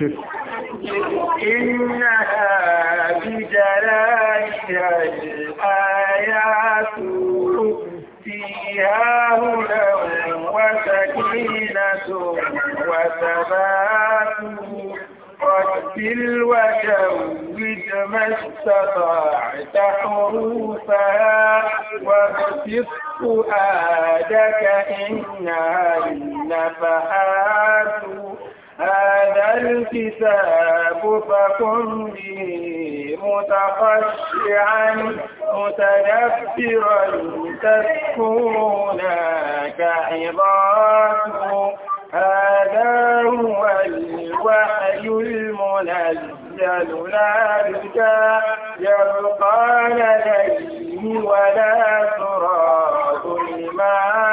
كيف إنها بجلالها الآيات فيها هدى وسكينة وثبات رتل وجود ما استطعت حروفها واغفر فؤادك إنها النفحات هذا الكتاب فكن به متخشعا متدبرا تذكرنا كعظاته هذا هو الوحي المنزل لا بك يبقى لديه ولا تراه المال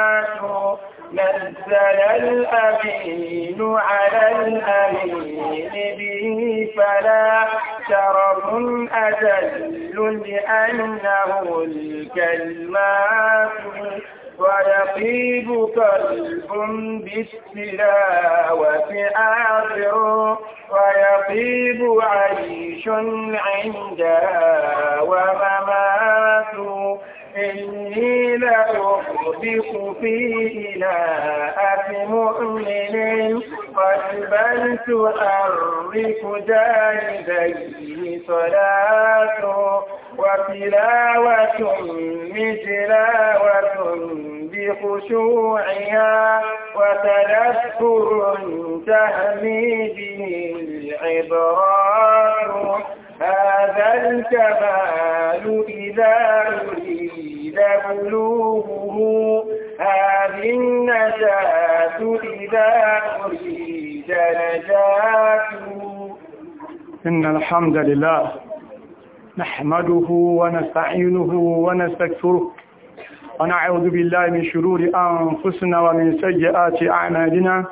نزل الأمين على الأمين به فلا شرف أجل لأنه الكلمات ويطيب قلب بالتلاوة آخر ويطيب عيش عندها وممات إني لأحبك في إلاءة مؤمن قد بلت تؤرق جانبي صلاة وتلاوة متلاوة بخشوعها وتذكر تهميده العبرات هذا الكمال إذا أريد لنبلوه أذنة إذا أريد نجاة إن الحمد لله نحمده ونستعينه ونستكثره ونعوذ بالله من شرور أنفسنا ومن سيئات أعمالنا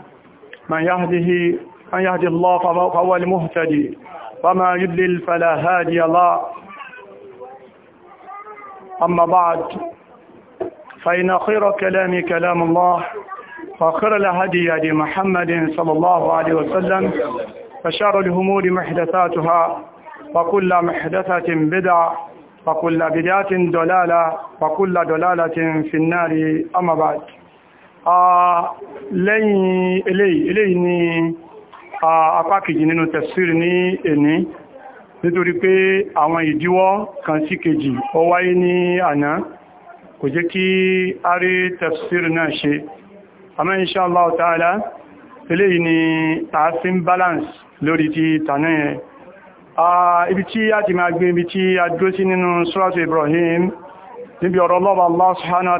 من يهده من يهدي الله فهو المهتدي وما يدل فلا هادي الله أما بعد فإن خير كلامي كلام الله وخير الهدي هدي محمد صلى الله عليه وسلم فشر الهمور محدثاتها وكل محدثة بدع، وكل بدعة دلالة وكل دلالة في النار أما بعد lẹ́yìn إلي إليني apá kejì nínú tafsir ní nítorí pé àwọn ìdíwọ́ kan sí kejì ó wáyé ní àná kò jẹ́ kí a rí tafsir náà ṣe àmọ́ insha Allah ta'ala eléyìí ni ààfin balance lórí ti tànà yẹn ibi tí a ti máa gbé ibi tí a dúró sí nínú suratu Ibrahim níbi ọ̀rọ̀ lọ́wọ́ Allah subhanahu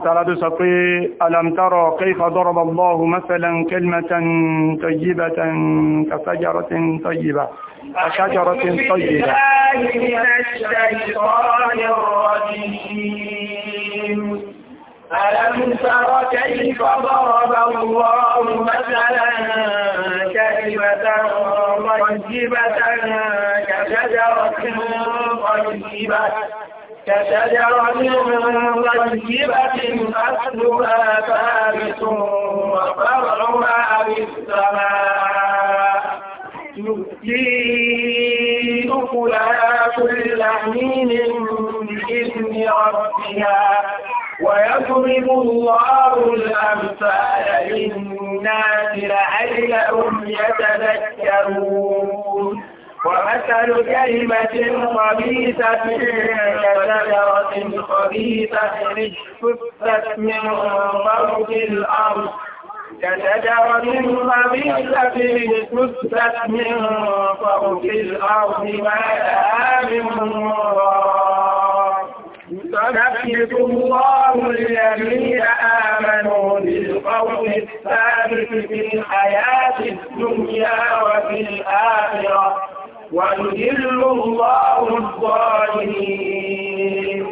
alam tara kayfa daraba Allahu mathalan kalimatan tayyibatan ka shajaratin tayyibah شجرة طيبة ألم تر كيف ضرب الله مثلا كلمة طيبة كشجرة طيبة كشجرة طيبة أصلها ثابت وفرعها في السماء يؤتي أكلها كل حين بإذن ربها ويضرب الله الأمثال للناس لعلهم يتذكرون ومثل كلمة خبيثة كشجرة خبيثة اجتثت من فوق الأرض كشجرة خبيثة اجتثت من فوق الأرض ما لها من سنثبت الله الذين آمنوا بالقول الثابت في الحياة الدنيا وفي الآخرة ويذل الله الظالمين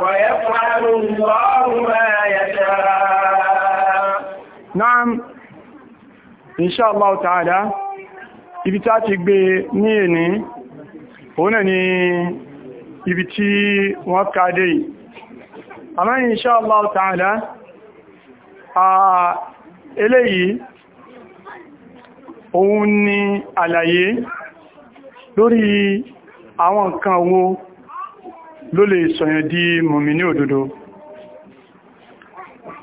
ويفعل الله ما يشاء Naam, insha Allah ta'ala, ibi tá ti gbé ní èní, òun náà ni ibi tí wọ́n kàdé yìí. Àmá insha Allah ta'ala, a eléyìí, òun ni àlàyé lórí àwọn nǹkan wo ló lè sọ̀yàn di mùmínì òdodo.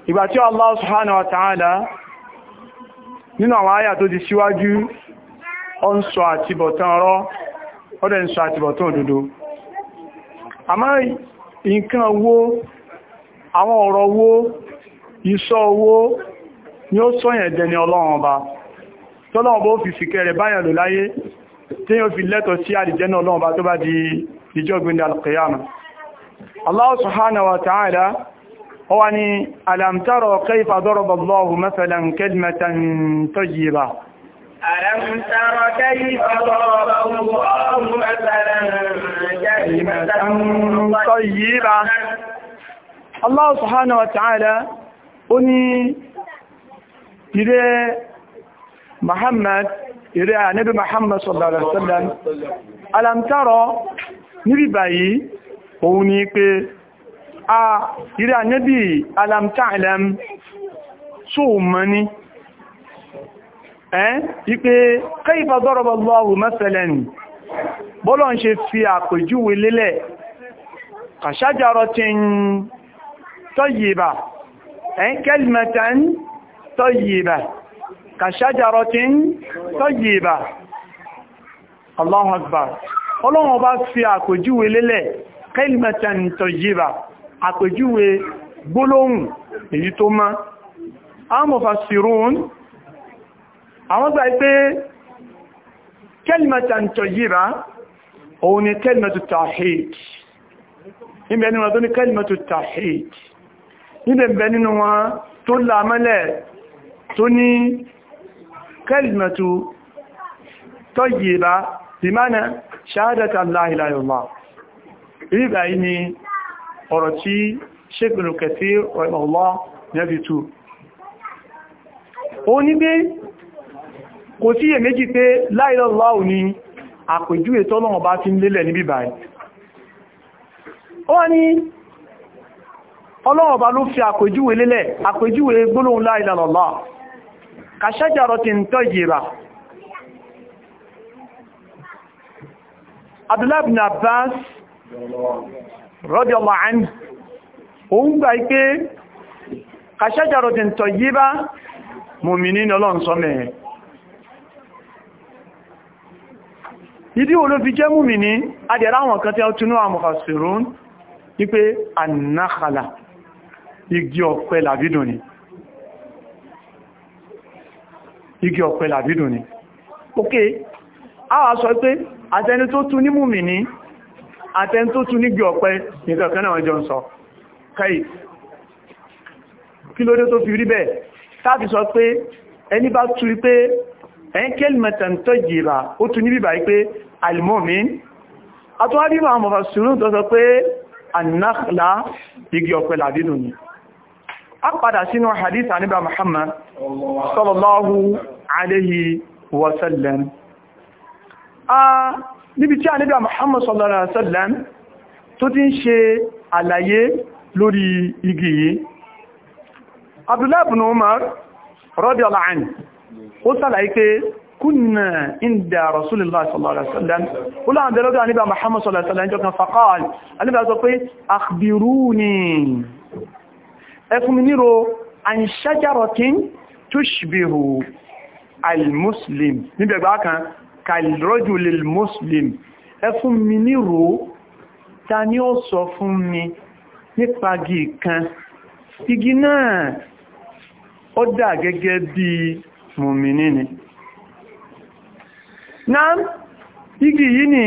ìgbà tí Allah subhanahu wa ta'ala nínú àwọn àyà tó ti síwájú ọ ń sọ àtibọ̀tán ọ̀rọ̀ ọdẹ ń sọ àtibọ̀tán òdodo àmá nǹkan wo àwọn ọ̀rọ̀ wo ìsọ owó ni ó sọ́yẹ̀ dẹni ọlọ́run ọba fi si ọba di Allah subhanahu wa ta'ala هو أني ألم تروا كيف ضرب الله مثلا كلمة طيبة ألم تر كيف ضرب الله مثلا كلمة طيبة الله سبحانه وتعالى أني إلى محمد إلى نبي محمد صلى الله عليه وسلم ألم ترى نبي بأي أوني كي a ìrẹ́ ànẹ́bì alamta'alam tó mọ́ ní ẹ́ ipé kayfa daraba Allahu masalan bọ́lọ̀ ń ṣe fi àpèjúwe lélẹ̀ ka shajaratin tayyiba ẹ́ kalimatan tayyiba ka shajaratin tayyiba Allahu akbar ọlọ́run ọba fi àpèjúwe lélẹ̀ kalimatan tayyiba àpèjúwe gbólóhùn èyí tó má ámọ̀fà sírún àwọn gbà pé kẹ́lìmẹ̀tà ń tọ̀ yíra òun ni kẹ́lìmẹ̀tù tàhíd níbẹ̀ nínú wọn tó ní kẹ́lìmẹ̀tù tàhíd níbẹ̀ nínú wọn tó lámẹ́lẹ̀ tó ní kẹ́lìmẹ̀tù tọ́ yíra bí mánà ṣáádẹ́ta láìláìlá ọ̀rọ̀ tí ṣégbìnrin kẹfẹ́ ọ̀lọ́ nẹ́bí tú ó ní pé kò tí è méjì pé la ilaha illallah ni àpèjúwe tọ́lọ́wọ̀n bá ti ń lélẹ̀ níbí báyìí ó ní bá ló fi àpèjúwe lélẹ̀ àpèjúwe gbólóhùn la ilaha illallah ka shajaratin tayyibah Abdullah ibn Abbas radiyallahu anhu òun gbà pé kashajaratin tayyiba mùmìnì ní ọlọ́run sọ́mẹ̀ ìdí olófi jẹ́ mùmìnì adẹ̀rá àwọn kan tí ó túnú àmọ̀fàṣìrún ní pé annáhàlà a wà sọ pé àtẹni àtẹn tó tún nígbì ọ̀pẹ nìkankan náà jọ ń sọ káyì kí ló dé tó fi rí bẹ́ẹ̀ táàfi sọ pé ẹni bá tú pé ẹn kẹ́lìmẹ̀tàn tó jìrà ó tún níbi báyìí pé alimomin àtúwárí ma mọ̀fà sùúrù tó sọ pé annáhla igi ọ̀pẹ làdínú ni a padà sínú hadith aníbà Muhammad sallallahu alaihi wasallam níbi tí a níbi Muhammad sallallahu alaihi wasallam tó ti ń ṣe àlàyé lórí igi yìí Abdullahi ibn Umar radiyallahu anhu ó sàlàyé pé كنا عند رسول الله صلى الله عليه وسلم ولا عند رجل النبي محمد صلى الله عليه وسلم فقال النبي قال أخبروني أفمنيرو عن شجرة تشبه المسلم نبي قال kàlírọ́jùlẹ̀ muslim ẹ fún mi ní ro ta ni ó sọ fún mi nípa igi kan igi náà ó dà gẹ́gẹ́ bí mùmìnì ni náà igi yìí ni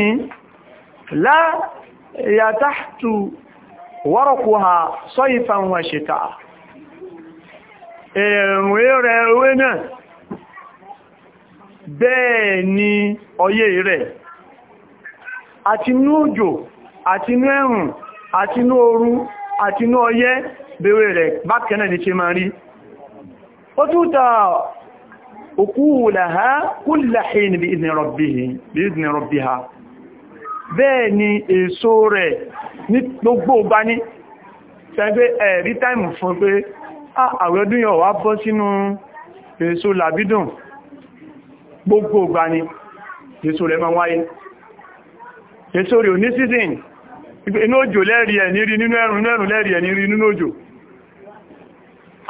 láà wọ́rọ̀kù ha sọ ìfàwọn ṣètà ẹ̀rùn ẹ̀rẹ̀ ewé náà bẹ́ẹ̀ ni ọyẹ́ rẹ̀ àti inú òjò àti inú ẹ̀rùn àti inú ooru àti inú ọyẹ́ bèèrè rẹ̀ bákẹ́nà ní ṣe máa rí ó túta òkú làhá kúlàhí ní bí ìdìnà rọ̀bí ha bẹ́ẹ̀ ni èso rẹ̀ ní gbogbo bá ní ṣẹ́gbé ẹ̀rí táìmù fún pé ah, àwẹ́ ọdún yọ wá bọ́ sínú èso làbídùn gbogbo ìgbà ni jésù rẹ̀ máa wáyé jésù rẹ̀ ní season inú òjò lẹ́rìí ẹ̀ ní rí nínú ẹ̀rùn ẹ̀rùn lẹ́rìí ẹ̀ ní rí nínú òjò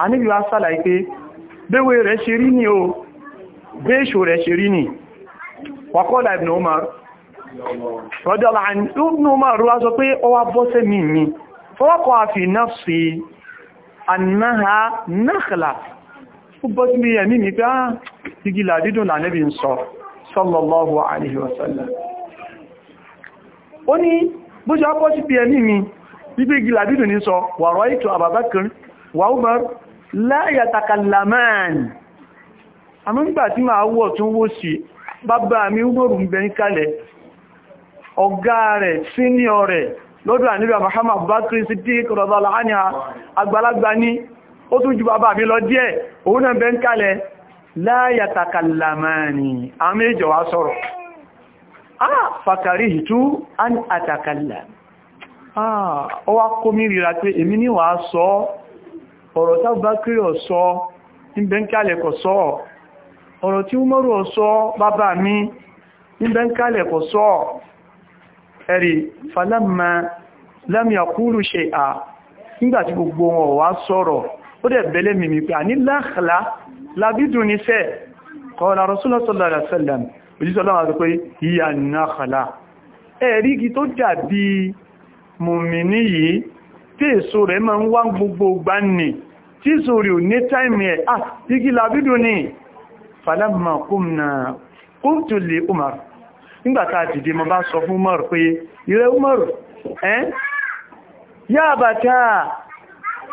a níbi wá sàlàyé pé béwé rẹ̀ ṣe rí ní o bé èṣò rẹ̀ ṣe rí ní wàkọ́lá ibn Umar rọ́dọ́lá ó bọ́ sí mi ẹ̀mí mi pé áà ah, igi làdídùn lànẹ́bì ń sọ sallallahu alaihi wasallam ó ní bó ṣe ápọ́ sí ẹ̀mí mi wípé igi làdídùn ní sọ wà rọ ìtò àbàbákan wà Umar la yatakallaman àmọ́ nígbà tí máa wọ̀ ó tún ju bàbá mi lọ díẹ̀ òun náà bẹ́ ń kalẹ̀ láyàtàkàlàmáàni àwọn méjì wá sọ̀rọ̀ ah fàkàrí ìtú an àtàkàlà ah ó wá kó mi ríra pé èmi ní wà sọ ọ̀rọ̀ tábákírí ọ̀sọ́ ní tí mi ní bẹ́ ń kalẹ̀ kọ̀ sọ ẹ̀rì falamma lámìyàkúrù ṣe gbogbo wọn wá sọ̀rọ̀ ó dẹ̀ bẹ̀lẹ̀ mìmì pé àní láàkàlá lábídùn ní sẹ́ kọ́ọ̀lá Rasulullah sallallahu alaihi wasallam òjísọ́lọ́wà sọ pé ìyà náàkàlá ẹ̀rí igi tó dàbí mùmìnì yìí tí èso rẹ̀ máa ń ah igi lábídùn ní falamma qumna qultu li Umar nígbàtà àdìdì mo bá Umar pé ìrẹ́ Umar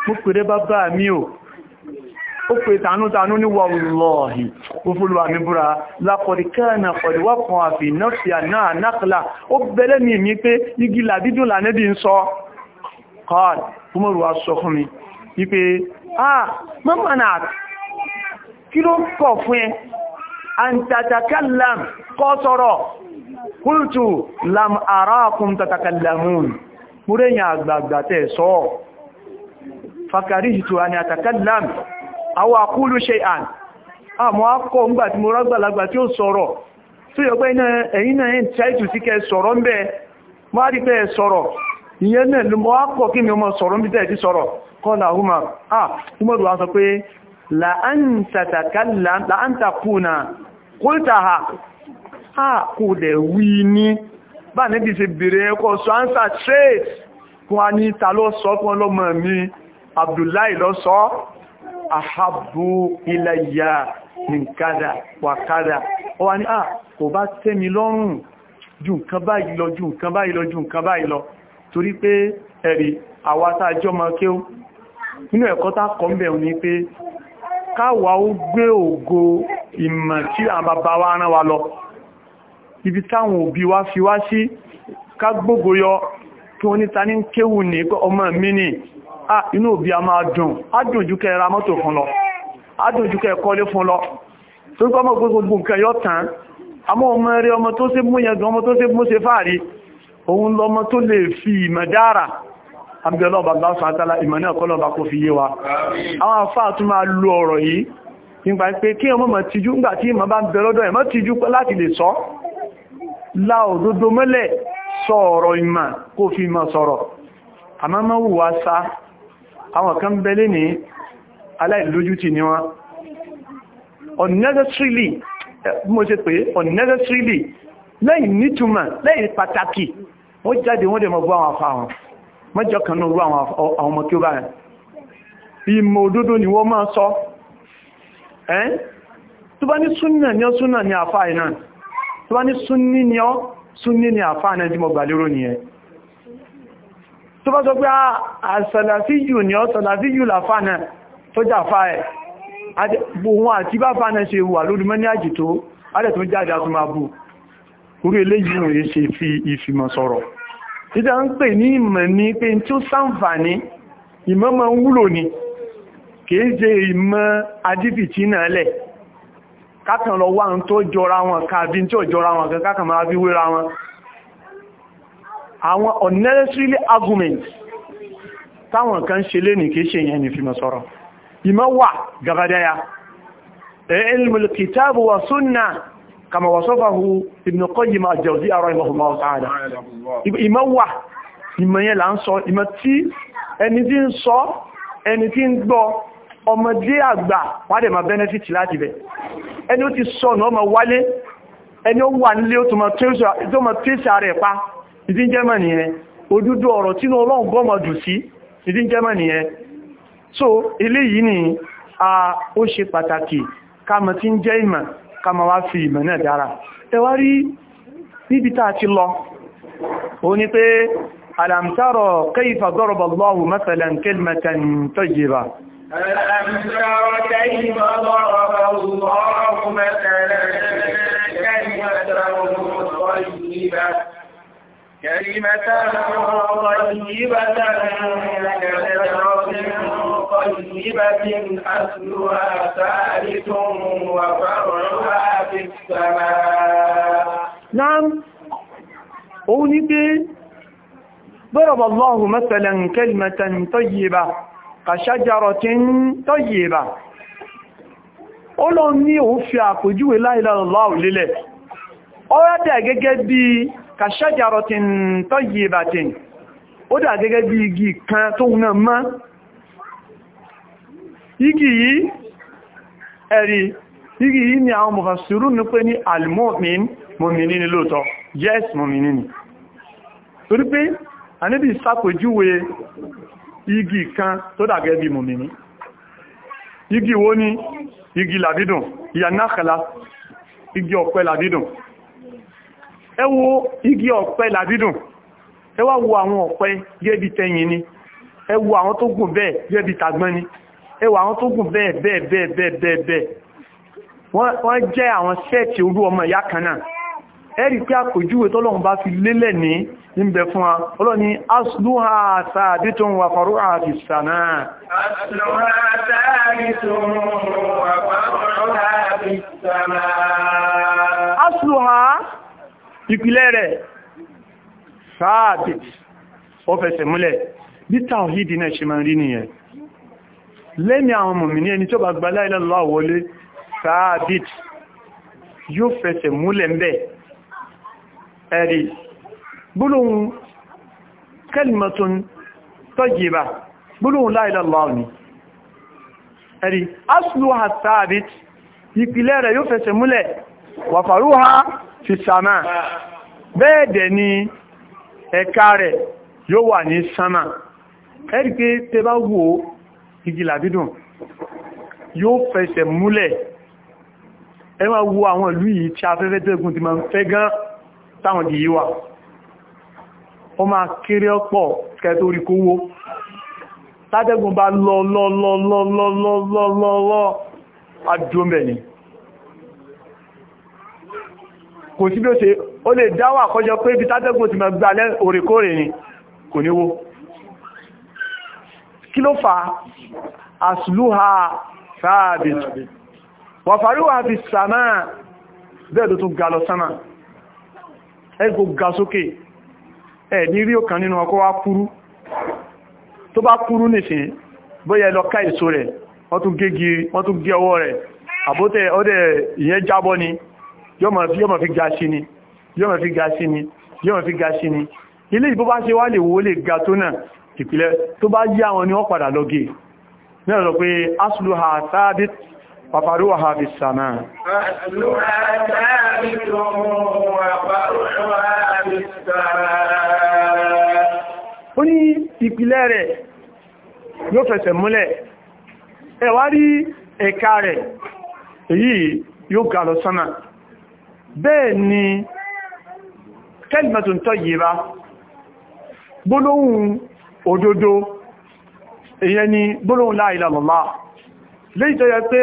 mo pèrè bàbá mi ò ó pè tánútánú ní wọ́lọ́ọ̀hì òfúlùwà mi búra lápọ̀dìkẹ́ẹ̀nà pọ̀dìwọ́ kan àfi nọ́ọ̀sì náà nákàlá ó bẹ̀lẹ̀ mi mi pé igi làdídùn lànẹ́bí ń sọ kọ́ọ̀d fúnmọ̀rù sọ fún mi wípé ah mọ́mọ̀ náà kí ló kọ̀ fún ẹ lam arákùn tàtàkàlàmùn múrẹ́yìn àgbààgbà tẹ̀ fàkàríhìtò àni àtàkàdìláàmì àwọn àkúlù ṣe àn àmọ́ akọ́ ń gbà tí mo rágbàlagbà tí ó sọ̀rọ̀ tó yọ ya ẹ̀yìn náà ń tẹ́ẹ̀tù sí kẹ sọ̀rọ̀ ń bẹ mọ́ rí soro sọ̀rọ̀ na náà ló mọ́ akọ́ kí mi ọmọ sọ̀rọ̀ ń bí tẹ́ẹ̀ ti sọ̀rọ̀ kọ́lá húmà ah umaru wa sọ pé láàntàkùnà kúltàhà ah kò dẹ̀ wí ní bá níbi ti bèèrè ẹkọ́ sọ ánsà straight fún a ní ta ló sọ fún ọlọ́mọ mi abdullahi lọ sọ ahabu ilayya nìkádà wàkádà ó wá ní à ah, kò bá tẹ́mi lọ́rùn ju nǹkan báyìí lọ ju nǹkan báyìí lọ ju nǹkan báyìí lọ torí pé ẹ̀rí àwátá jọmọ kéw nínú ẹ̀kọ́ tá kọ́ mbẹ̀ ní pé káwà ó gbé yọ kí wọ́n níta ní kéwù ní ọmọ mi ni Ah, inú òbí a máa dùn adùnjú kẹ ra mọ́tò fún lọ adùnjú kẹ kọ́lé fún lọ tó ń kọ́mọ̀ gbogbo nǹkan yọ tán àmọ́ ọmọ rẹ ọmọ tó ṣe múyẹ gan ọmọ tó ṣe mú ṣe fàárí òun lọmọ tó lè fi ìmọ̀ dára abdullah bàbá fàtàlá sọ la òdodo mọ́lẹ̀ sọ ọ̀rọ̀ ìmọ̀ kó fi mọ̀ àwọn kan bẹ́lé ní aláìlójútì ni wọ́n unnecessarily mo ṣe pé unnecessarily lẹ́yìn nítumọ̀ lẹ́yìn pàtàkì wọ́n jáde wọ́n dẹ̀ mọ̀ bú àwọn afá wọn mọ́jọ kan náà rú àwọn ọmọ tí ó bá rẹ̀ ìmọ̀ òdodo ni wọ́n máa sọ ẹ́n tó bá ní súnnà ní ọ súnnà ní àfáà náà jí mọ̀ gbà nìyẹn tó bá sọ pé àṣàlàfíjù ah, ni ọ sàlàfíjù làfánà tó jàfá ẹ̀ gbogbo àti bá fánà ṣe wà lórí mọ́ ní àjì tó alẹ́ tó jáde àtún máa bú orí eléyìí rẹ̀ ṣe fi ìfìmọ̀ sọ̀rọ̀ títà ń pè ní ìmọ̀ ní pé tí ó sáǹfàní kákan lọ wá ń tó jọra wọn kàbí tí ò jọra wọn kan kákan máa fi wéra wọn àwọn unnecessary arguments. táwọn kan ṣe lé ní kí ṣe yẹn ni fi mọ̀ sọ́rọ̀ ìmọ̀ wà gabadaya ilmul kitabu wa sunna kama wasafahu ibn qayyim al-jawziyya rahimahullahu ta'ala ìmọ̀ wà ìmọ̀ yẹn là ń sọ ìmọ̀ ọmọdé àgbà wádẹ̀ ma benefit láti bẹ̀ ẹni ó ti sọ̀nà ọmọ wálé ẹni ó wà nílé ó tó ma tẹ́sà rẹ̀ pa ìdí jẹ́mà nìyẹn ojúdó ọ̀rọ̀ tínú ọlọ́run gọ́mọ̀ jù sí ìdí jẹ́mà nìyẹn so eléyìí ni a ó ṣe pàtàkì kama tí ń jẹ́ ìmọ̀ kama wá fi ìmọ̀ náà dára ẹwà rí níbi tá ti lọ ó ní pé alam tara kayfa daraba Allahu mathalan kalimatan tayyiba alam tara kayfa daraba Allahu mathalan kalimatan tayyiba كلمة طيبة كشجرة طيبة أصلها ثابت وفرعها في السماء نعم قولي بي ضرب الله مثلا كلمة طيبة كشجرة طيبة Ọlọ́run ní òun fi àpòjúwe láìláàlọ́wò lélẹ̀. Ó rádẹ̀ gẹ́gẹ́ bí kàṣájàrọ̀tìn tọ́yì ìbàtìn ó dà gẹ́gẹ́ bí igi kan tó wùnà mọ́ igi yìí ẹ̀rí igi yìí ni àwọn mọ̀fàṣírù ní pé ní almomin mọ̀mìnì ni lóòtọ́ yes mọ̀mìnì ni torí pé a níbi ìsàpèjúwe igi kan tó dà gẹ́gẹ́ bí mọ̀mìnì igi wo ni igi làbídùn ìyà náà igi ọ̀pẹ làbídùn ẹ igi ọ̀pẹ làbídùn ẹ wá wo àwọn ọ̀pẹ gẹ́bí tẹ̀yìn ni ẹ wo àwọn tó gùn bẹ́ẹ̀ gẹ́bí tàgbọ́n ni ẹ wo àwọn tó gùn bẹ́ẹ̀ bẹ́ẹ̀ bẹ́ẹ̀ bẹ́ẹ̀ bẹ́ẹ̀ wọ́n jẹ́ àwọn sẹ́ẹ̀tì orú ọmọ ìyá kan náà ẹ̀rí pé àpòjúwe tọ́lọ́run bá fi lélẹ̀ ní ìbẹ̀ fún wa ọlọ́ni asluha sa'aditun wà faru àti sànà asluha ìpìlẹ̀ rẹ̀ sáàbìt ó fẹsẹ̀ múlẹ̀ bí tàwídì náà ṣe máa rí nìyẹn lẹ́mí àwọn mùmínì ẹni tó bá gba la ilaha illallah wọlé sáàbìt yóò fẹsẹ̀ múlẹ̀ mẹ́ ẹ̀rí gbólóhùn kalimatun tayyiba gbólóhùn la ilaha illallah ìpìlẹ̀ rẹ̀ yóò fẹsẹ̀ múlẹ̀ wàfàrúha Sama, sàmà bẹ́ẹ̀dẹ̀ ni ẹ̀ka rẹ̀ yóò wà ní sánmà ẹ̀rí tẹ bá wo igi làbídùn yóò fẹsẹ̀ múlẹ̀ ẹ máa wo àwọn ìlú yìí tí afẹ́fẹ́ tẹ́gùn ti máa ń fẹ́ gán táwọn di yíwà ó máa kéré ọ̀pọ̀ kẹtorí kówó tátẹ́gùn bá lọ lọ lọ lọ lọ lọ lọ lọ àjọmẹ̀ ni kò sí bí ó ṣe ó lè dáwà kọjọ pé ibi tátẹ́gùn ti máa gbà lẹ́ òrèkóòrè ni kò níwó kí ló fà àṣìlúha fàábì wàfàríwà fi sàmà bẹ́ẹ̀ tó tún ga lọ sánà ẹgbò ga sókè ẹ̀ ní rí ọ̀kan nínú ọkọ̀ wá kúrú tó bá kúrú nìsìn bóyá lọ ká èso rẹ̀ wọ́n tún gé ọwọ́ rẹ̀ àbótẹ́ ọdẹ ìyẹn jábọ́ ni yóò máa fi ga sí ni yóò máa fi ga sí ni yóò máa fi ga sí ni ilé ìbó bá ṣe wá ìpìlẹ̀ tó bá yí àwọn ni wọ́n padà lọ́gẹ̀ náà lọ pé asluha thabit pàpàrúwà ha fi sàmà ó ní ìpìlẹ̀ rẹ̀ yóò fẹsẹ̀ múlẹ̀ ẹ̀wárí ẹ̀ka rẹ̀ èyí yóò ga lọ sánà bẹ́ẹ̀ ni kalimatun tayyiba gbólóhùn òdodo èyẹn ni gbólóhùn la ilaha illallah léyìí tó yẹ pé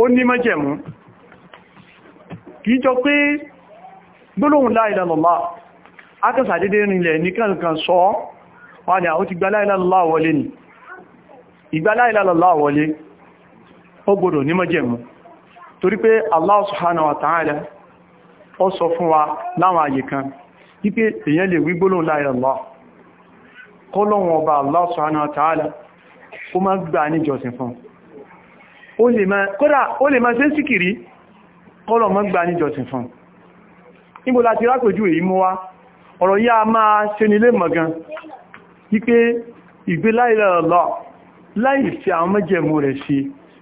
ó ní májẹ̀mú kìí jọ pé gbólóhùn la ilaha illallah akẹ́sàdédé rinlẹ̀ ní kankan sọ wọ́n ni àwọn ti gba la ilaha wọlé ni ìgbà la torí pé Allah subhanahu wa ta'ala ọ sọ fún wa láwọn àyè kan wípé èyàn lè wí gbólóhùn lọ ilallah kọ́lọ́wọ̀n ọba Allah subhanahu wa ta'ala ó ma gbà níjọsìn fún ó lè máa ṣe síkìrí kọ́lọ̀ má gbà níjọsìn fún níbo láti èyí mú wá ọ̀rọ̀ yá máa ṣe nílé mọ̀gan wípé ìgbé láì fi àwọn mẹ́jẹ̀mú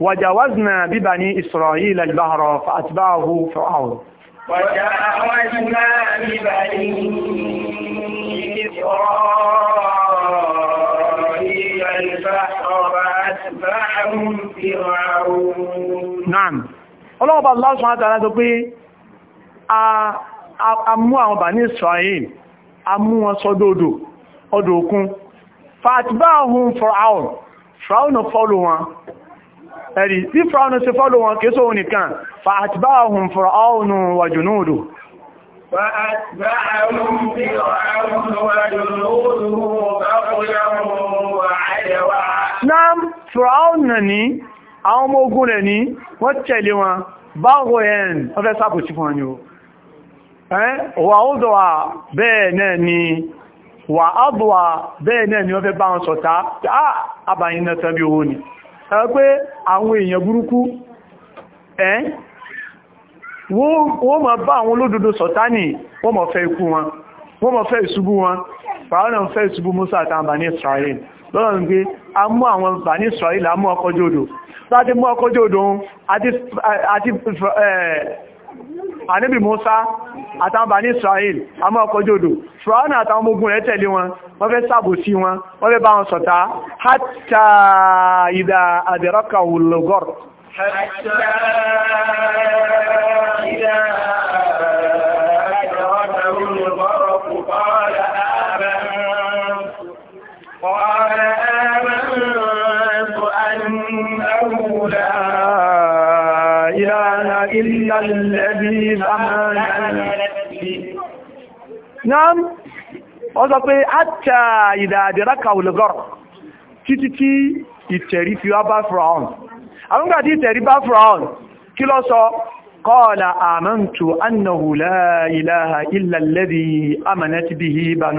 وجاوزنا ببني إسرائيل البحر فأتبعه فرعون وجاوزنا ببني إسرائيل البحر فأتبعهم فرعون نعم ọlọ́ọ̀bá Allah subhanahu wa ta'ala sọ pé a mú àwọn bàní Israel a mú wọn sọ́dọ̀ odò òkun fa'atba'ahum Fir'aun Fir'aun follow wọn ẹ̀rí tí fìràúnù sí fọ́lù wọn kìí sóhun nìkan fa atba'ahum fìràúnù wa junudu náà fìràúnù ní àwọn ọmọ ogun rẹ̀ ní wọ́n tẹ̀lé wọn báwo ẹ̀n ọfẹ́ sàkòsí fún ọ̀yọ́ wà ó dọ̀wà wà á bọ̀wà bẹ́ẹ̀ náà ni ẹ pé àwọn èèyàn burúkú ẹ́ wọ́n máa bá àwọn olódodo sọ̀tánì wọ́n máa fẹ́ ikú wọn wọ́n máa fẹ́ ìṣubú wọn fàánà fẹ́ ìṣubú Musa àtàwọn Bani Israel lọ́nà ń gbé a mú àwọn Bani Israel a mú ọkọ̀jọ́ odò ànábì Musa àtàbà ní Israel a mọ́ ọkọ̀jọ́ odò ṣùgbọ́n àtàwọn ọmọ ogun rẹ̀ tẹ̀lé wọn wọ́n fẹ́ sàbò sí wọn wọ́n fẹ́ bá wọn ṣọ̀tá hátà ìdá àdẹ̀rọ́kà olùgọ́r إلا الله náà wọ́n sọ pé àtà ìdàdìrá kàwùlùgọ́rọ̀ títí tí ìtẹ̀rí fi wá bá fìràún àwọn ìgbà tí ìtẹ̀rí bá fìràún kí ló sọ قال آمنت أنه لا إله إلا الذي أمنت به قال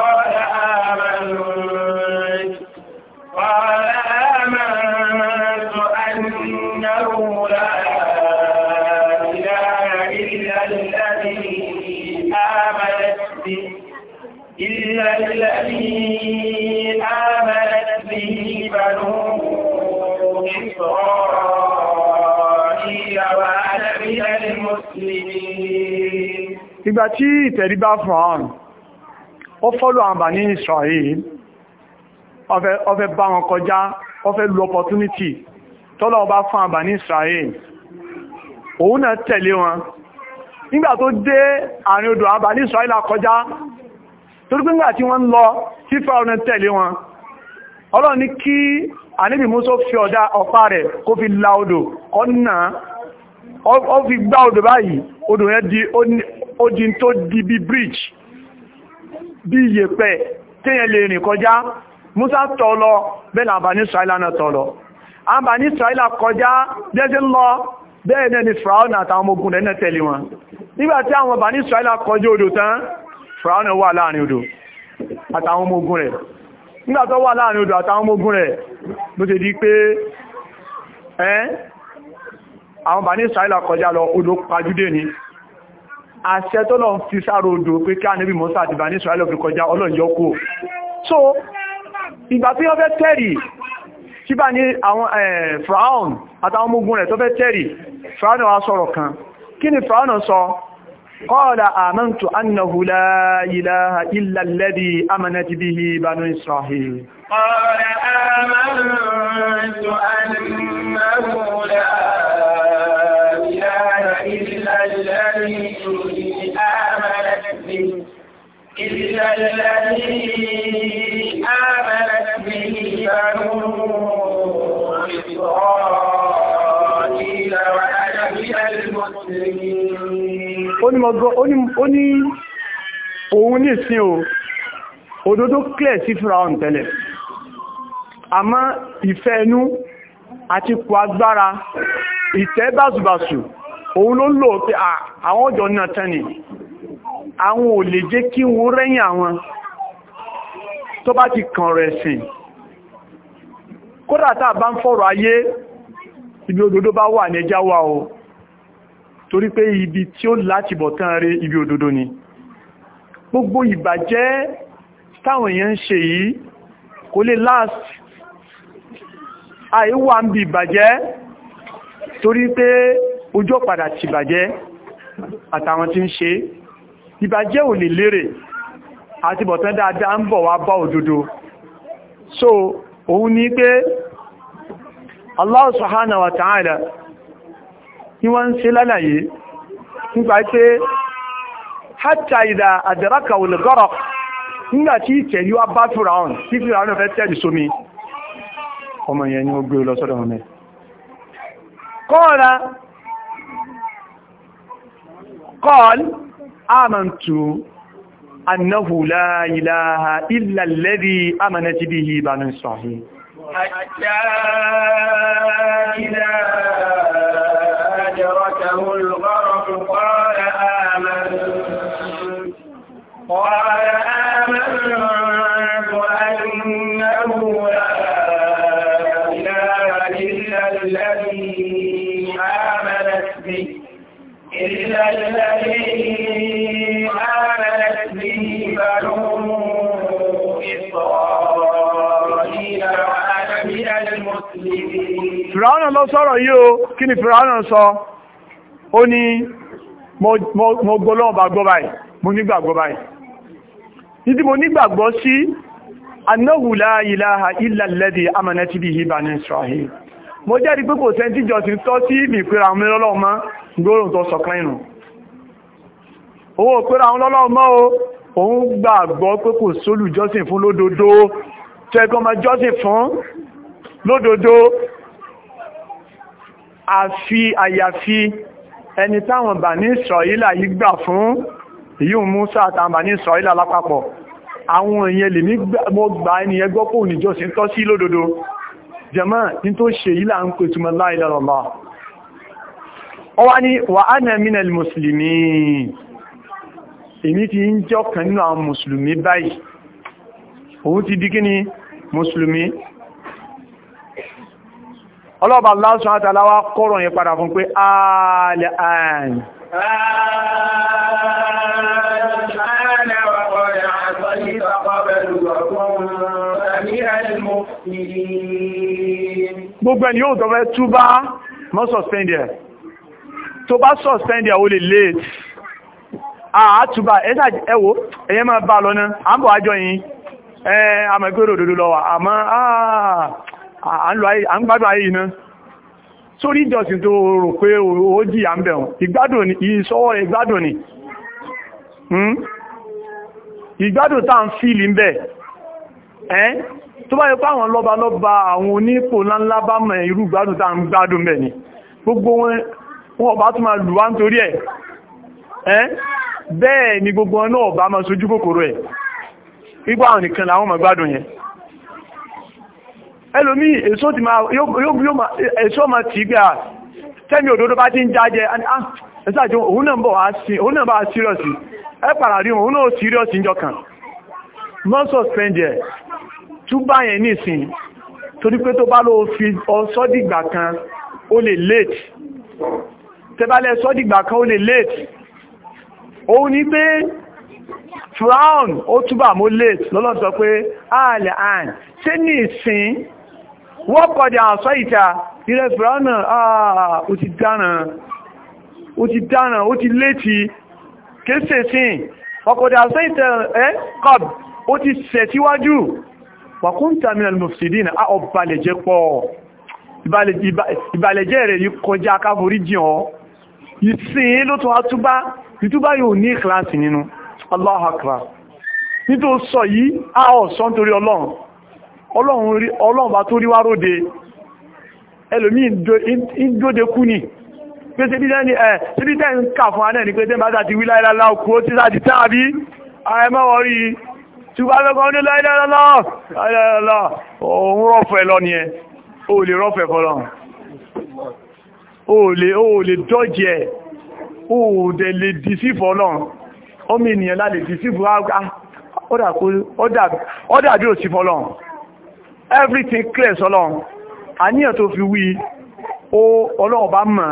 آمنت لا إله الذي آمنت به إلا الذي آمنت به بنو إسرائيل وأنا المسلمين Ìgbà tí ìtẹ̀ríbá Fran, ó fọ́lù àmbà ní Ìsrael, ó fẹ́ bá wọn kọjá, ó lu opportunity tọ́lọ́wọ́ bá fún àbà ní Israel òun náà tẹ̀lé wọn nígbà tó dé àárín odò àbà ní Israel kọjá torí pé nígbà tí wọ́n ń lọ tí fẹ́ọ̀nà tẹ̀lé wọn Ọlọ́run ní kí àníbì Mùsá fi ọ̀dá ọ̀pá rẹ̀ kó fi la odò ọ̀nà ó fi gbá odò báyìí odò yẹn di odin tó di bí bridge bí iyẹ̀pẹ̀ téèyàn lè rìn kọjá Mùsá tọ́ lọ bẹ́ẹ̀ làbà ní Israel náà tọ́ lọ àmà ní Israẹla kọjá jẹ́jẹ́ lọ bẹ́ẹ̀ náà ni Firaun àtàwọn ọmọ ogun rẹ̀ náà tẹ̀lé wọn nígbàtí àwọn bà ní Israẹla kọjá odò tán Firaun wà láàrin odò àtàwọn ọmọ ogun rẹ̀ nígbàtọ́ wà láàrin odò àtàwọn ọmọ ogun rẹ̀ ló ti di pé ẹ́ àwọn bà ní Israẹla kọjá lọ odò pàjúdé ni àṣẹ tó lọ fi sáàrò odò pé kí a níbi Mùsá àti bà ní Israẹla fi kọjá ọlọ́yọ́kò so ìgbà tí wọ́n fẹ́ ṣíbà ní àwọn eh, fraun àtàwọn ọmọogun rẹ̀ tó fẹ́ tẹ́rì fraun wá sọ̀rọ̀ kan kí ni fraun sọ qala amantu annahu la ilaha illa alladhi amanat banu isra'il qala ó ní òun ní ìsìn o òdodo clear sí firaun tẹ́lẹ̀ àmọ́ ìfẹ́ inú àti kò agbára ìtẹ́ básùbásù òun ló lò pé àwọn ọjọ́ náà tẹ́ni àwọn ò lè jẹ́ kí wọ́n rẹ́yìn àwọn tó bá ti kàn rẹ̀ sìn kódà tá ń fọ̀rọ̀ ayé ibi òdodo bá wà ní ẹjá o torí pé ibi tí ó láti bọ̀ tán rí ibi òdodo ni gbogbo ìbàjẹ́ táwọn èèyàn ń ṣe yìí kò lè last àìwà ń bí ìbàjẹ́ torí pé ojú padà ti bàjẹ́ àtàwọn tí ń ṣe ìbàjẹ́ ò lè lérè àti bọ̀tán dáadáa ń bọ̀ wá bá òdodo so òun ni pé Allah subhanahu wa ta'ala ní wọ́n ń ṣe lálàyé nípa pé hátà ìdà àdàrákà olùgọ́rọ̀ nígbà tí ìtẹ̀ yíó bá fìràún tí fìràún fẹ́ tẹ́lì sómi ọmọ yẹn ni ó gbé lọ sọ́dọ̀ ọmọ kọ́ọ̀lá kọ́ọ̀l ámàntù annahu la ilaha له الغرق قال آمنت قال آمنت أنه لا إله إلا الذي آمنت به إلا الذي آمنت به بنو إسرائيل وأنا من المسلمين فرعون الله صار يو أيوه. كني فرعون صار ó ní mo gbọ́lọ́ọ̀bà gbọ́ báyìí mo nígbàgbọ́ báyìí títí mo nígbàgbọ́ sí annahu la ilaha illa alladhi amanat bihi bani isra'il mo jẹ́rí pé kò sẹ́ntí jọ sí tọ́ sí mi pèrà àwọn lọ́lọ́ọ̀mọ́ gbóòrùn tó sọ̀kan ìrùn owó pèrà àwọn lọ́lọ́ọ̀mọ́ o òun gbàgbọ́ pé kò sólù jọ́sìn fún lódodo ẹni táwọn bà ní Ísírẹ́lì yìí gbà fún ìyí Musa àtàbà ní Ísírẹ́lì lápapọ̀ àwọn èèyàn lè ní mọ́ gbà ẹni ẹgbọ́ pò níjọ́ sí tọ́ sí lódodo jẹmọ́ ní tó ṣe yìí là ń pè túnmọ̀ la ilaha illallah ọlọ́ọ̀bà Allah subhanahu kọ́rọ̀ yẹn padà fún pé ààlẹ̀ ààrùn gbogbo ẹni yóò tọ́fẹ́ túbá mọ́ sọ̀spẹ́ndẹ̀ tó bá sọ̀spẹ́ndẹ̀ ó lè late àátúbà ẹwò ẹ̀yẹ máa bá lọ náà àbọ̀ àjọ yìí ẹ̀ àmọ̀ òdòdó lọ wà àmọ́ àà à ń gbádùn ayé iná sórí ìjọsìn tó rò pé ó jìyà ń bẹ̀rùn ìgbádò ni ìṣọ́wọ́ ni hmm? ń fíìlì ń bẹ̀ ẹ́ tó bá yẹ àwọn lọ́ba lọ́ba àwọn onípo ńláńlá bá irú ń gbádò ni gbogbo wọn ọba tó máa nítorí ẹ̀ gbogbo wọn ọba máa sojú kòkòrò ẹ̀ àwọn nìkan làwọn gbádùn ẹlòmí èso ti máa èso ma ti gbà tẹ́mi òdòdó bá ti ń jájẹ ah, ẹ̀sàjọ òun náà bá sírọ̀sì ẹ pàràrí òun náà sírọ̀sì ìjọ kan non suspended túbá yẹn nìsìn torí pé tó bá ló fi ọsọ́dìgbà kan ó lè late tẹbálẹ̀ sọ́dìgbà kan ó lè late òun ni pé frown ó túbà mọ́ late lọ́lọ́sọ pé ààlẹ̀ ah, àn ah. ṣe ní ìsìn wọ́n kọ̀dẹ̀ àṣọ ìta ilẹ̀ fìránà àà ó ti dára ó ti dára ó ti létí kéèsè sí ọkọ̀dẹ̀ àṣọ ìta ẹ́ kọ̀b ó ti sẹ̀ síwájú wàkúntà minal mufsidina a ọ̀bàlẹ̀jẹ́ pọ̀ ìbàlẹ̀jẹ́ rẹ̀ yí kọjá akáforí jìn ọ́ ìsìn ló tó àtúbá ìtúbá yóò nítorí sọ yìí a ọ̀sán torí ọlọ́run ọlọ́run bá tó rí wá róde ẹlòmí ìjóde kú ní pé ṣe bí tẹ́ ń kà fún anẹ́ ni pé tẹ́ bá sá ti wí láìláìlá òkú ó ti sá ti tán àbí àẹmọ́wọ̀ rí tí wá lọ́kọ́ ní láìláìlá òun rọ́fẹ́ lọ ni ẹ o lè rọ́fẹ́ fọ́lọ́ o lè dọ́jì ẹ o dẹ̀ lè dìsífọ́ náà ọmọ ènìyàn láti dìsífọ́ ọdà bí ò sí fọ́lọ́ everything clear sọ́lọ́run àníyàn tó fi wí ó ọlọ́run bá mọ̀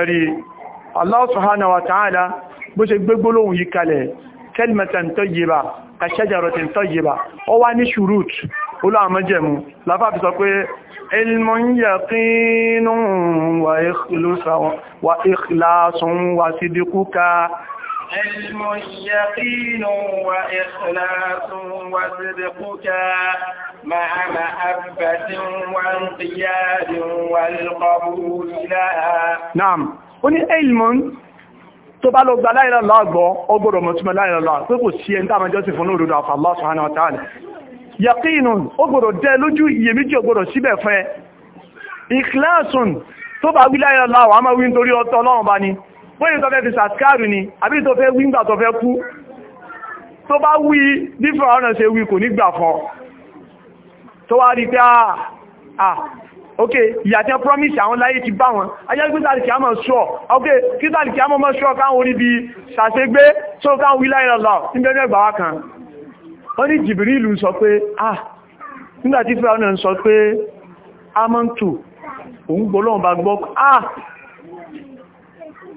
ẹ̀rí Allah subhanahu wa ta'ala bó ṣe gbégbólóhùn yí kalẹ̀ kalimatan tayyiba ka shajaratin tayyiba ó wá ní shurut olóàmọ́jẹ̀mú láfá fi sọ pé ilmun yaqinun wa ikhlasun wa sidquka علم يقين وإخلاص وصدقك مع محبة وانقياد والقبول لها نعم وني علم tó bá lọ gba láìlá láàgbọ́ ọgbọ́dọ̀ mọ̀túnmọ̀ láìlá láà pé kò sí ẹni tàbí jọ́sìn fún olóòdó àfà Allah subhanahu wa ta'ala yàkínù ọgbọ́dọ̀ dẹ́ lójú iyèméjì ọgbọ́dọ̀ síbẹ̀ fẹ́ ikhlasun tó bá wí láìlá bóyí tó fẹ́ fi sàtkáàrù ni àbí tó fẹ́ wíńgbà tó fẹ́ kú tó bá wí bí Fáráò ṣe wí kò ní gbà fọ́ tó wá rí pé àà ah, ah, ok ìyàtẹ́ promise àwọn láyé ti bá wọn ajẹ́ pé sàrìkì àmọ́ sọ ok kí sàrìkì àmọ́ mọ́ sọ káwọn orí bí sàṣegbé tó káwọn wí láyé lọ́lọ́ níbẹ̀rẹ̀ ìgbàwá kan ó ní Jìbìrìlù sọ pé ah nígbàtí Fáráò sọ pé amọ́ntù òun gbọ́lọ́wọ́n bá gbọ́ ah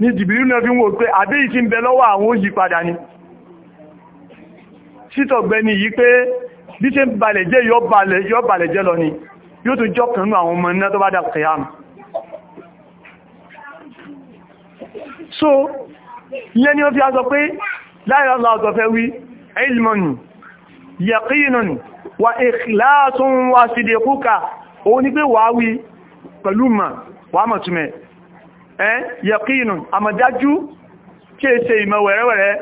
ní jìbìrì náà fi ń wò pé àbí ìsí ń bẹ lọ́wọ́ àwọn òyípadà ni sítọ̀gbẹ́ni yìí pé bí ṣe ń balẹ̀ jẹ́ yọ balẹ̀ jẹ́ lọ ni yóò tún jọ kanú àwọn ọmọ iná tó bá dà kìyàmù so ìyẹn ni ó fi aṣọ pé láìra lọ àtọ̀fẹ́ wí ilmọ̀nì yẹ̀kínọ̀nì wà ikhlasun wà sídẹ̀kúkà òun ni pé Eh, yẹ̀kínù àmọ̀dájú kí è ṣe ìmọ̀ wẹ̀rẹ́wẹ̀rẹ́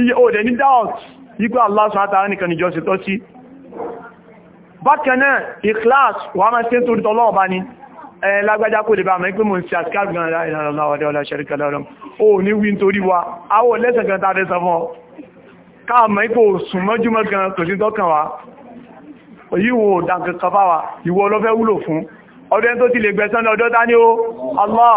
iye òdẹ̀ ní doubt yígbà Allah subhanahu wa ta'ala nìkan níjọ́ sí tọ́ sí bákan náà ikhlas wà máa ṣe tó rítọ́ lọ́ọ̀bá ni eh, lágbájá kò lè bá mẹ́ pé mo ń ṣe àtikáàbì gan ara ìlànà láwọ́dẹ́ ọlá ṣẹ́ríkà lọ́rọ̀ o ní wí nítorí wa awọ lẹ́sẹ̀ kan tàbí sọ fún ọ káàmà ipò sùn mọ́júmọ́ gan tòsí tọ́kàn wa òyí wo dàǹkan kan bá wa ìwọ ọlọ́fẹ́ wúlò fún ọdún tó ti lè gbẹ̀sán ọdọ́ ta ó Allah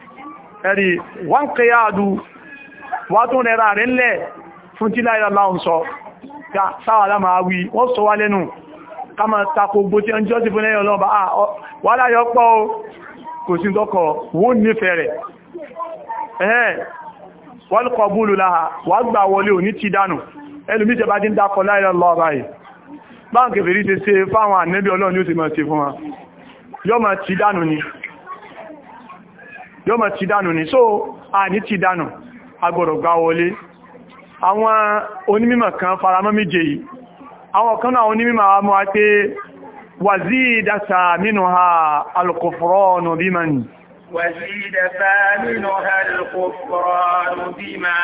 ẹ̀rí wọ́n kẹyà àdú wà tún rẹ̀ rẹ̀ ńlẹ̀ fún tí láìlá láhùn sọ sáwàlá máa wí wọ́n sọ wá lẹ́nu kama tako gbó tí ẹn jọ́sí fún lẹ́yìn ah, ọlọ́ba wà láyọ́ pọ́ o kò sí tọ́kọ̀ wọ́n nífẹ̀ẹ́ rẹ̀ ẹ̀ẹ́ wọ́n kọ búlù láha wà gbà wọlé òní ti fèrí ti ṣe fáwọn ànẹ́bí ọlọ́run yóò ti máa ṣe fún wa yọ́ máa ti dánù ni yóò mọ̀ ti dànù ní so a ní ti dànù agbọ̀rọ̀ gbá wọlé àwọn onímọ̀ kan faramọ́ méje yìí àwọn kan náà onímọ̀ wa mọ́ wá pé wàzí ìdásà mínú ha alkọ̀fọ́rọ̀ ọ̀nà bí mani وزيد ثامنها الكفران بما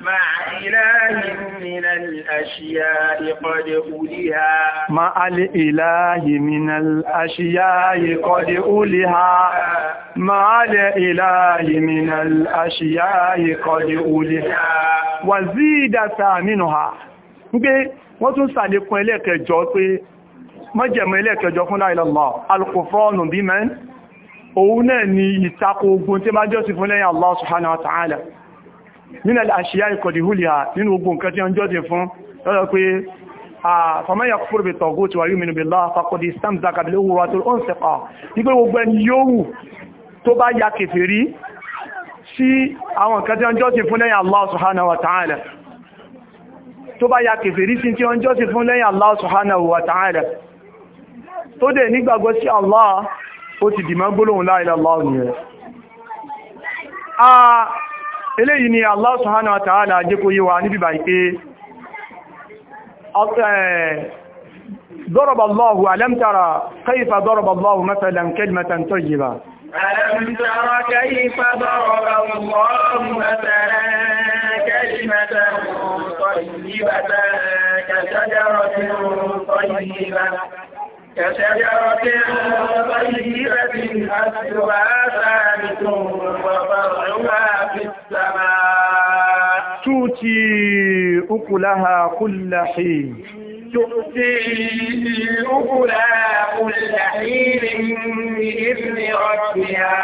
مع إله من الأشياء قد أولها مع الإله من الأشياء قد أولها مع الإله من الأشياء قد أولها وزيد ثامنها wọ́n tún sàlékún ẹlẹ́kẹjọ pé mọ́jẹ̀mọ́ ẹlẹ́kẹjọ fún láìlọ́lọ́ alkùfọ́ọ̀nù bí mẹ́rin òun náà ni ìtakò ogun tí máa jọ́sìn fún lẹ́yìn Allah subhanahu wa ta'ala nínú àṣíyá ìkọ̀dìhúlìá nínú ogun nǹkan tí ó ń jọ́sìn fún lọ́dọ̀ pé faman yakfur bi taghut wa yu'min billahi faqad istamsaka bil urwatil unsiqa nígbé gbogbo ẹni yóò tó bá ya kèfèrí sí àwọn nǹkan tí ó ń jọ́sìn fún tó dẹ̀ nígbàgbọ́ sí Allah ó ti dìmọ́ gbólóhùn la ilaha illallah nìyẹn eléyìí ni Allah subhanahu wa ta'ala jẹ́kó yí wa níbi báyìí pé ضرب الله ألم ترى كيف ضرب الله مثلا كلمة طيبة ألم ضرب الله مثلا كلمة طيبة كشجرة طيبة كشجرة طيبة أسرها ثابت وفرعها في السماء تؤتي أكلها كل حين تؤتي أكلها كل حين بإذن ربها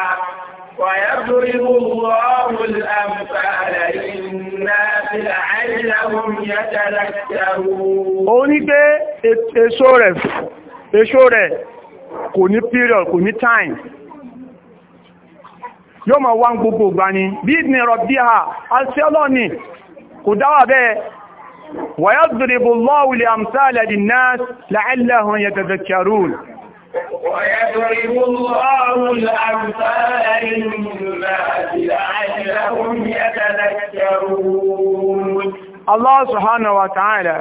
ويضرب الله الأمثال للناس لعلهم يتذكرون. ó ní pé èso e-, e-, e-, rẹ̀ èso rẹ̀ kò ní period kò ní time yóò mọ̀ wá gbogbo ìgbà ni bí ìdìní rọ̀ bí ha àti ọlọ́ni kò dáwà bẹ́ẹ̀ ويضرب الله لأمثال للناس لعلهم يتذكرون ويضرب الله الأمثال للناس لعلهم يتذكرون الله سبحانه وتعالى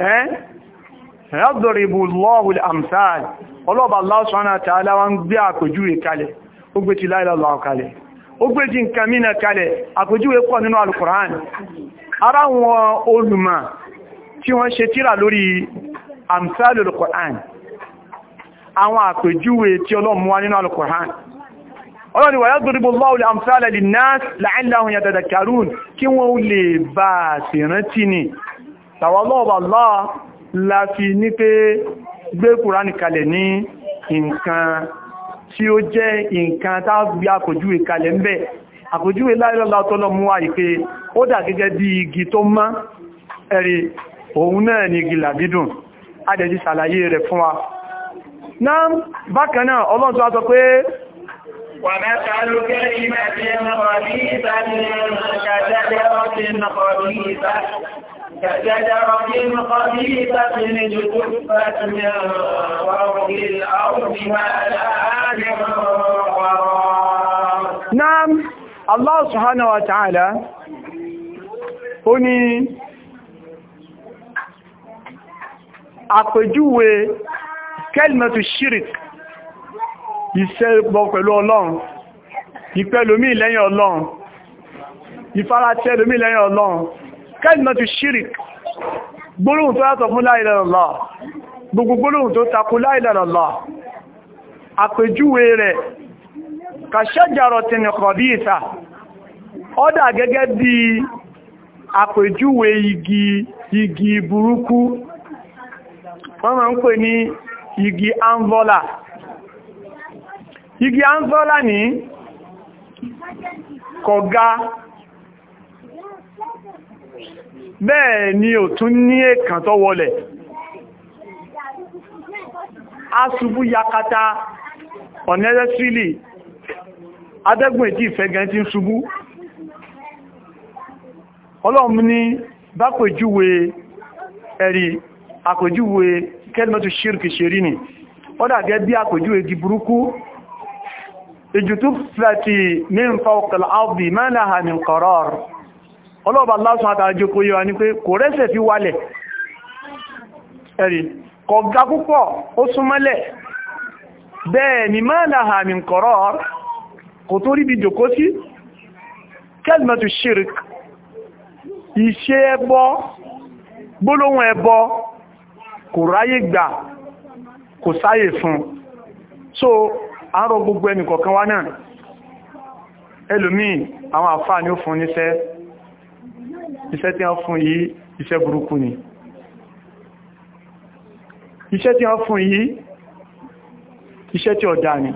ها yadribu Allahu al-amthal ọlọ́ba Allah subhanahu wa ta'ala wọ́n gbé àpèjúwe kalẹ̀ ó gbé ti la ilaha illallah kalẹ̀ ó gbé ti nǹkan mìíràn kalẹ̀ àpèjúwe pọ̀ nínú al-Qur'an ara wọn olùmọ̀ tí wọ́n ṣe tíra lórí amthalul Qur'an àwọn àpèjúwe tí Ọlọ́run lọ́wọ́ àmsáàlẹ̀ la fi ní pé gbé kùránì kalẹ̀ ní nǹkan tí ó jẹ́ nǹkan tábí àpòjúwe kalẹ̀ ń bẹ̀ àpòjúwe láìlọ́lá tọ́lọ mú wá ó dà gẹ́gẹ́ bí igi tó mọ́ ẹ̀rì òun náà ni igi làbídùn adẹ̀jì sàlàyé rẹ̀ fún wa náà bákan náà ọlọ́tọ́ á sọ كشجرة خبيثة اجتثت من فوق الأرض ولا من نعم الله سبحانه وتعالى هني àpèjúwe kẹlmẹ̀tù ṣírík ìṣẹ́bọ pẹ̀lú ọlọ́run ìpẹ̀lómí lẹ́yìn ọlọ́run ìfaratẹ́ lómí lẹ́yìn ọlọ́run kalimatu shirik gbólóhùn tó yàtọ̀ fún la ilaha illallah gbogbo gbólóhùn tó takú ọla ilaha illallah àpèjúwe rẹ̀ ka shajaratin khabitha ọ dà gẹ́gẹ́ bí àpèjúwe igi igi burúkú wọ́n ma ń pè ní igi anvola igi anvola ni kọ̀gá bẹ́ẹ̀ ni ò tún ní èkàn tó wọlẹ̀ aṣubú yakata unnecessarily adẹ́gbùn ètí ìfẹ́gẹ́ tí ń ṣubú ọlọ́run ní bá pèjúwe ẹ̀rí àpèjúwe kẹ́lmọ́tù ṣírkì ṣerí ni ó dàgẹ́ bí àpèjúwe di burúkú ìjùtú fẹ́tì ní ń fa ọkọ̀lá ábì mẹ́lá ọlọ́ọ̀bà lásán àtàjò kò yíwa ní pé kò rẹ́sẹ̀ fi wálẹ̀ ẹ̀rì kọ̀gá púpọ̀ ó súnmọ́lẹ̀ bẹ́ẹ̀ ni máa láhà mi kọ̀rọ̀ kò tó rí bí jòkó sí kẹ́lmẹ̀tù shirk iṣẹ́ ẹbọ gbólóhùn ẹbọ kò ráyè gbà kò sáyè fún so àárọ̀ gbogbo ẹnìkọ̀ọ̀kan wá náà ẹlòmíì àwọn àfáà ni ó fún níṣẹ́ iṣẹ́ tí wọ́n fún yìí iṣẹ́ burúkú ni iṣẹ́ tí wọ́n fún yìí iṣẹ́ tí ọ̀dá ni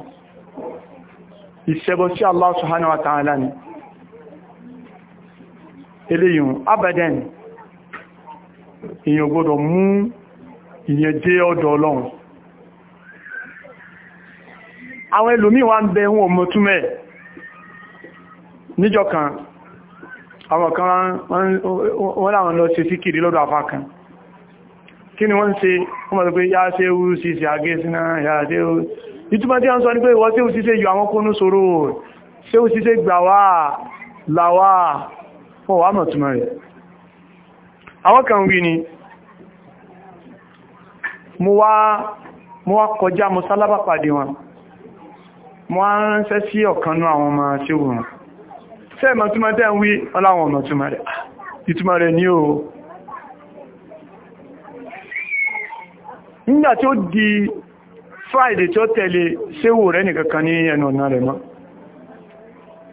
ìṣẹ́bọ̀ sí Allah subhanahu wa ta'ala ni eléyìn abadan èyàn gbọ́dọ̀ mú ìyẹn dé ọ̀dọ̀ Ọlọ́run àwọn ẹlòmíì wá ń bẹ ohun ọmọ túnmẹ̀ níjọ kan àwọn kan wọ́n láwọn lọ ṣe síkìrí lọ́dọ̀ àfá kan kí ni wọ́n ṣe wọ́n mọ̀ pé yáà ṣe ewu ṣíṣe àgé síná yáà ṣe ewu ìtumọ̀ tí a ń sọ ní pé ìwọ́ ṣéwù ṣíṣe yọ àwọn kónú sọ̀rọ̀ ṣéwù ṣíṣe gbà wá láwá fún wà mọ̀ túnmọ̀ rẹ̀ àwọn kan wí ni mo wá kọjá mo sálábà pàdé wọn mo wá ránṣẹ́ sí ọ̀kanú àwọn ọmọ ṣéwù wọn ṣe ìmọ̀túnmọ̀ tẹ́ ń wí ọláwọn ọmọ̀túnmọ̀ rẹ̀ ìtumọ̀ rẹ̀ ní o nígbà tí ó di Friday tí ó tẹ̀lé séwò rẹ̀ nìkankan ní ẹnu ọ̀nà rẹ̀ mọ́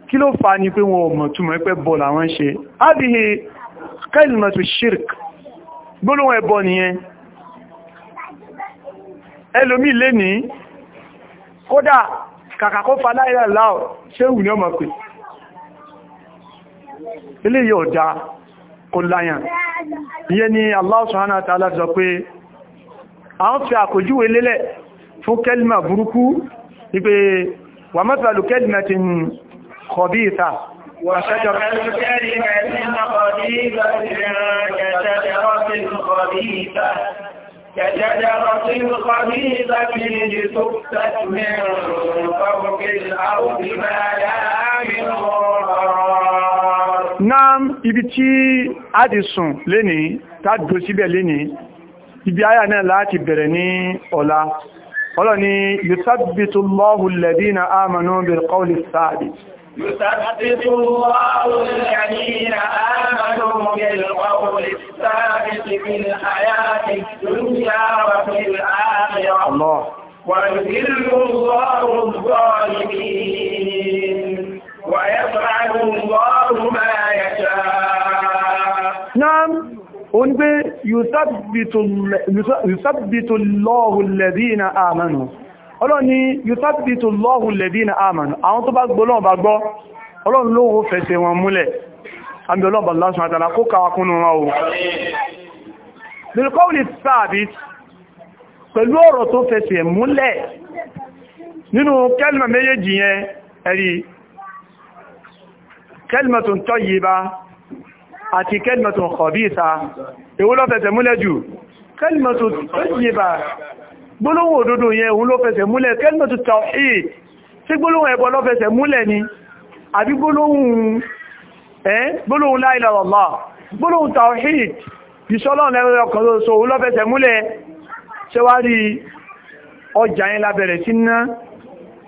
kí ló fa ní pé wọn ọmọ̀túnmọ̀ pẹ́ bọ́ọ̀lù àwọn ṣe ábìhì kẹ́lìmọ̀tù shirk gbólóhùn ẹbọ nìyẹn ẹlòmí lè ní kódà kàkàkó faláìlà láò ṣéwù ní ọmọ pè ilé yóò dá kò láyàn iye ni Allah subhanahu wa ta'ala sọ pé a ń fi àkójúwé lélẹ̀ fún kẹlìmà burúkú wípé wà mathalu kalimatin khabitha كشجرة خبيثة لتكتت من فوق الأرض ما لا من ضرار náà ibi tí a ti sùn lénìí tàbí síbẹ̀ lénìí ibi ayà náà láti bẹ̀rẹ̀ ní ọ̀la ọlọ́ni yusabbitu Allahu alladhina amanu bil qawli thabit يثبت الله الذين آمنوا بالقول الثابت في الحياة الدنيا وفي ń gbé yùsábìtò lọ́hùlẹ̀dínà àmànù ọlọ́run ni yùsábìtò lọ́hùlẹ̀dínà àmànù àwọn tó bá gbọ́lọ́wọ́ bá gbọ́ ọlọ́run ló wó fẹsẹ̀ wọn múlẹ̀ àmì ọlọ́bà lásùn àtàlà kó kàwàkúnnù wọn o bilkọ́wìlì sáàbìt pẹ̀lú ọ̀rọ̀ tó fẹsẹ̀ múlẹ̀ nínú kẹlmà méjèèjì yẹn ẹ̀rí kẹlmà tó ń tọ́ yìí bá àti kẹlmọ̀tún khabitha èwo ló fẹsẹ̀ múlẹ̀ jù kẹlmọ̀tún tayyiba gbólóhùn òdodo yẹn òun ló fẹsẹ̀ múlẹ̀ kẹlmọ̀tún tawhid tí gbólóhùn ẹbọ ló fẹsẹ̀ múlẹ̀ ni àbí gbólóhùn la ilaha illallah gbólóhùn tawhid ìṣọ́lọ́run lẹ́rọ ọkàn ló so òun ló fẹsẹ̀ múlẹ̀ ṣe wá rí ọjà yẹn la bẹ̀rẹ̀ sí ná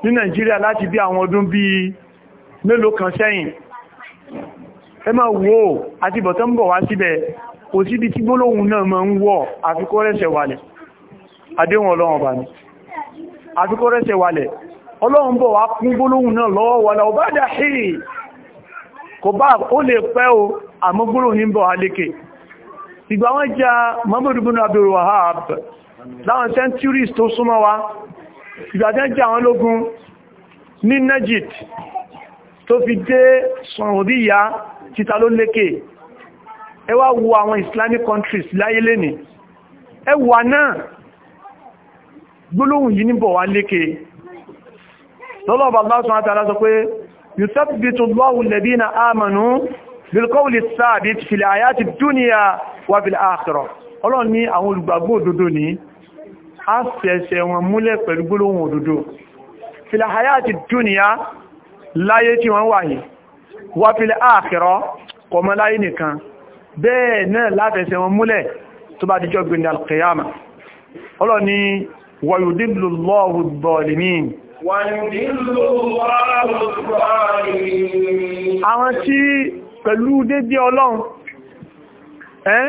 ní ẹ máa wò ó àti bọ̀tọ́ ń bọ̀ wá síbẹ̀ kò síbi tí gbólóhùn náà máa ń wọ̀ àfikọ́ rẹ̀ṣẹ̀ wálẹ̀ àdéhùn ọlọ́run ọba ni àfikọ́ rẹ̀ṣẹ̀ wálẹ̀ ọlọ́run bọ̀ wá kún gbólóhùn náà lọ́wọ́ wà láwọ́ bá dà sí kò bá ó lè pẹ́ o àmọ́ gbólóhùn ní bọ̀ Najid tó fi dé Saudiya títa ló lékè ẹ wá wo àwọn islamic countries láyé lẹ́ni ẹ wà náà gbólóhùn yìí níbọ̀ wá lékè lọ́lọ́bà lásán àtàrà sọ pé yùsẹ́bìtù lọ́wù lẹ́bínà àmànú bilkọ́wùlì sáàbí fìlẹ̀ àyá ti dúnìyà wà fìlẹ̀ àkìrọ̀ ọlọ́run ní àwọn olùgbàgbọ́ òdodo ní a fẹ̀ẹ̀sẹ̀ wọn múlẹ̀ láyé tí wọ́n wà wáfílẹ̀ àkẹrọ kọmọláyé nìkan bẹ́ẹ̀ náà látẹsẹ̀ wọn múlẹ̀ tó bá díjọ́ gbìndà alkiyama ọlọ́ni wàyùdílùlọ́wù dọ̀lìmín àwọn tí pẹ̀lú dédé ọlọ́run ẹ́n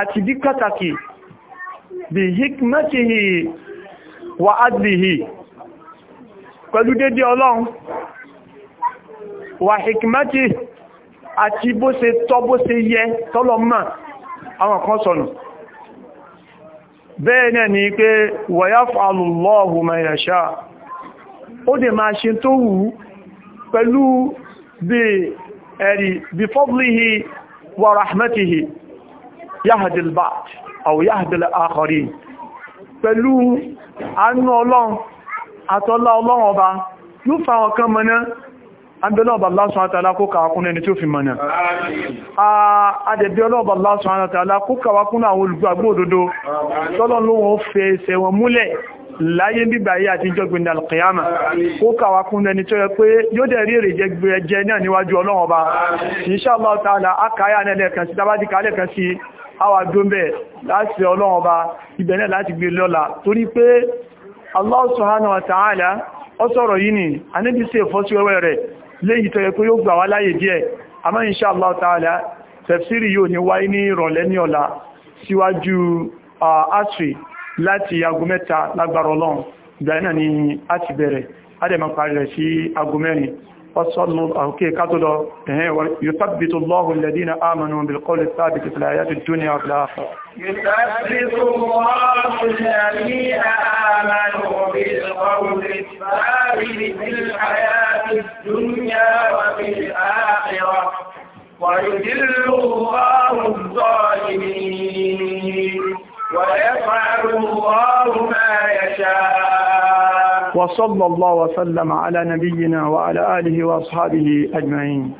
àti dí pàtàkì bí hikmatihi wa adlihi pẹ̀lú dédé ọlọ́run wà hikmati àti bó ṣe tọ́ bó ṣe yẹ tọ́lọ mọ́ àwọn kan sọnù bẹ́ẹ̀ náà ni pé wa yaf'alu Allahu ma yasha ó dẹ̀ máa ṣe tó wù pẹ̀lú bí ẹ̀rì bí fadlihi wa rahmatihi yahdi al-ba'd àbẹ̀lọ́ ọba Allah ta'ala kó kàwàkún ẹni tí ó fi mọ̀nà. àdẹ̀bẹ̀ ọlọ́ọ̀bà ta'ala kó kàwàkún àwọn olùgbàgbò òdodo tọ́lọ́n ló wọ́n fẹ́ ẹsẹ̀ wọn múlẹ̀ láyé bíbà yí àti jọgbìn alkiyama kó kàwàkún ẹni tó yẹ pé yóò dẹ̀ rí èrè jẹ náà níwájú ọlọ́wọ́ bá insha Allah ta'ala akáyà nẹ́lẹ̀kan sí tàbájíkà lẹ́kan sí àwà dóńbẹ̀ láti ọlọ́wọ́ bá ibẹ̀ ta'ala ọ sọ̀rọ̀ yìí ni a níbi léyìí tó yẹ kó yóò gbà wá láyè díẹ̀ àmọ́ insha Allah ta'ala tafsiri yóò ní wáyé ní ìrọ̀lẹ́ ní ọ̀la síwájú asri láti aago mẹ́ta lágbára ọlọ́run ni a ti bẹ̀rẹ̀ فصلوا أوكي كاتلو إيه، يثبت الله الذين آمنوا بالقول الثابت في الآيات الدنيا وفي الآخرة يثبت الله الذين آمنوا بالقول الثابت في الحياة الدنيا وفي الآخرة ويذل الله الظالمين ويفعل الله ما يشاء وصلى الله وسلم على نبينا وعلى آله وأصحابه أجمعين